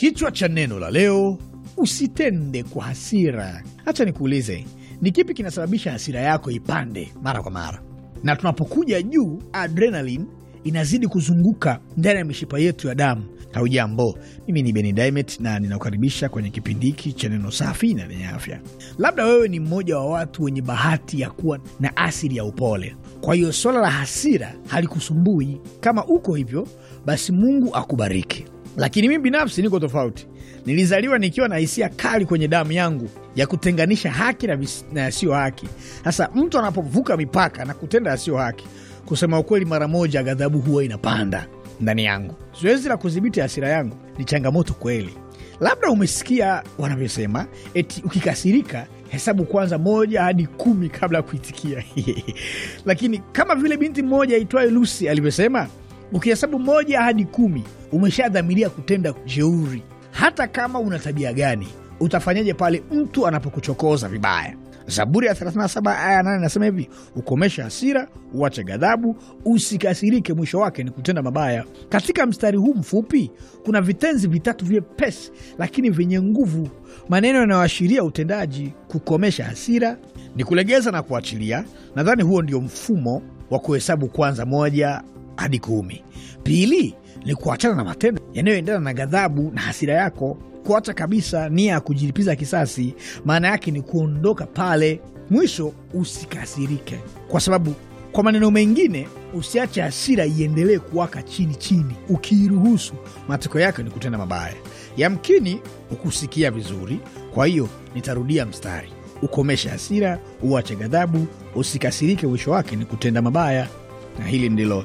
Kichwa cha neno la leo, usitende kwa hasira. Hacha nikuulize, ni kipi kinasababisha hasira yako ipande mara kwa mara? Na tunapokuja juu, adrenalin inazidi kuzunguka ndani ya mishipa yetu ya damu. Haujambo, mimi ni Beni Dimet na ninakukaribisha kwenye kipindi hiki cha neno safi na lenye afya. Labda wewe ni mmoja wa watu wenye bahati ya kuwa na asili ya upole, kwa hiyo swala la hasira halikusumbui. Kama uko hivyo, basi Mungu akubariki. Lakini mimi binafsi niko tofauti. Nilizaliwa nikiwa na hisia kali kwenye damu yangu ya kutenganisha haki na, na yasiyo haki. Sasa mtu anapovuka mipaka na kutenda yasiyo haki, kusema ukweli, mara moja ghadhabu huwa inapanda ndani yangu. Zoezi la kudhibiti hasira yangu ni changamoto kweli. Labda umesikia wanavyosema eti ukikasirika hesabu kwanza moja hadi kumi kabla ya kuitikia. Lakini kama vile binti mmoja aitwaye Lucy alivyosema Ukihesabu moja hadi kumi, umeshadhamiria kutenda jeuri. Hata kama una tabia gani, utafanyaje pale mtu anapokuchokoza vibaya? Zaburi ya 37 aya 8 nasema hivi, ukomesha hasira, uache ghadhabu, usikasirike, mwisho wake ni kutenda mabaya. Katika mstari huu mfupi kuna vitenzi vitatu vyepesi lakini vyenye nguvu, maneno yanayoashiria utendaji. Kukomesha hasira ni kulegeza na kuachilia. Nadhani huo ndio mfumo wa kuhesabu kwanza, moja hadi kumi. Pili ni kuachana na matendo yanayoendana na ghadhabu na hasira yako, kuacha kabisa nia ya kujilipiza kisasi, maana yake ni kuondoka pale. Mwisho, usikasirike, kwa sababu kwa maneno mengine, usiache hasira iendelee kuwaka chini chini. Ukiiruhusu, matokeo yake ni kutenda mabaya. Yamkini ukusikia vizuri, kwa hiyo nitarudia mstari: ukomeshe hasira, uache ghadhabu, usikasirike, mwisho wake ni kutenda mabaya. Na hili ndilo